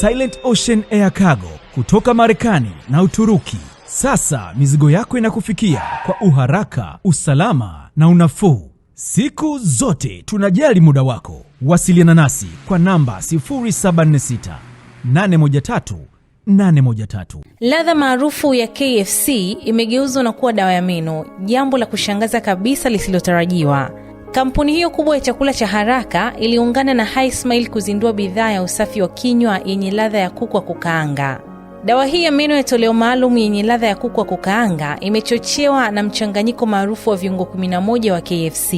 Silent Ocean Air Cargo kutoka Marekani na Uturuki. Sasa mizigo yako inakufikia kwa uharaka, usalama na unafuu. Siku zote tunajali muda wako. Wasiliana nasi kwa namba 076 813 813. Ladha maarufu ya KFC imegeuzwa na kuwa dawa ya meno, jambo la kushangaza kabisa lisilotarajiwa. Kampuni hiyo kubwa ya chakula cha haraka iliungana na High Smile kuzindua bidhaa ya usafi wa kinywa yenye ladha ya kuku wa kukaanga. Dawa hii ya meno ya toleo maalum yenye ladha ya kuku wa kukaanga imechochewa na mchanganyiko maarufu wa viungo 11 wa KFC.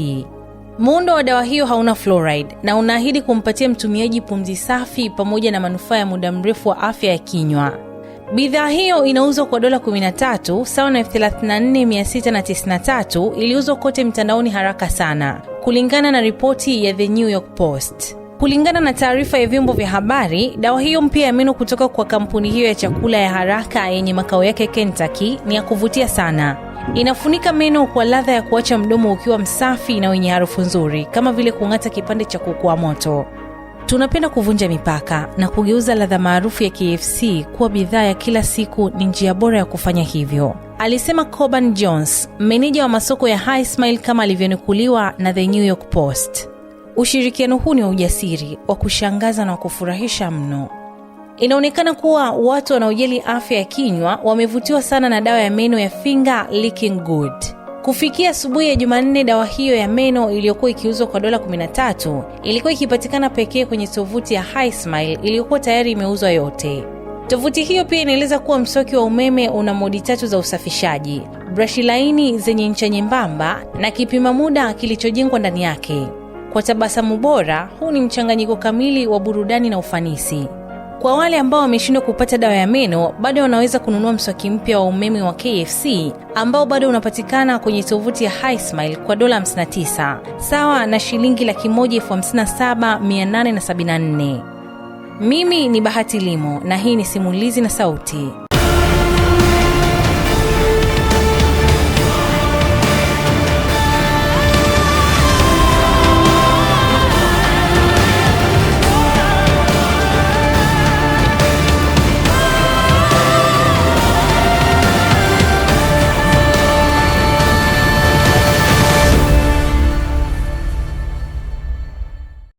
Muundo wa dawa hiyo hauna fluoride na unaahidi kumpatia mtumiaji pumzi safi pamoja na manufaa ya muda mrefu wa afya ya kinywa. Bidhaa hiyo inauzwa kwa dola 13 sawa na 34693 iliuzwa kote mtandaoni haraka sana, kulingana na ripoti ya The New York Post. Kulingana na taarifa ya vyombo vya habari, dawa hiyo mpya ya meno kutoka kwa kampuni hiyo ya chakula ya haraka yenye makao yake Kentucky ni ya kuvutia sana. Inafunika meno kwa ladha ya kuacha mdomo ukiwa msafi na wenye harufu nzuri, kama vile kung'ata kipande cha kukua moto. Tunapenda kuvunja mipaka na kugeuza ladha maarufu ya KFC kuwa bidhaa ya kila siku ni njia bora ya kufanya hivyo, alisema Coban Jones, meneja wa masoko ya High Smile kama alivyonukuliwa na The New York Post. Ushirikiano huu ni wa ujasiri, wa kushangaza na wa kufurahisha mno. Inaonekana kuwa watu wanaojali afya ya kinywa wamevutiwa sana na dawa ya meno ya Finger Licking Good. Kufikia asubuhi ya Jumanne, dawa hiyo ya meno iliyokuwa ikiuzwa kwa dola 13 ilikuwa ikipatikana pekee kwenye tovuti ya Smile iliyokuwa tayari imeuzwa yote. Tovuti hiyo pia inaeleza kuwa mswaki wa umeme una modi tatu za usafishaji, brashi laini zenye ncha nyembamba na kipima muda kilichojengwa ndani yake. Kwa tabasamu bora, huu ni mchanganyiko kamili wa burudani na ufanisi. Kwa wale ambao wameshindwa kupata dawa ya meno, bado wanaweza kununua mswaki mpya wa umeme wa KFC ambao bado unapatikana kwenye tovuti ya HiSmile kwa dola 59 sawa na shilingi laki moja elfu Mimi ni Bahati Limo na hii ni Simulizi na Sauti.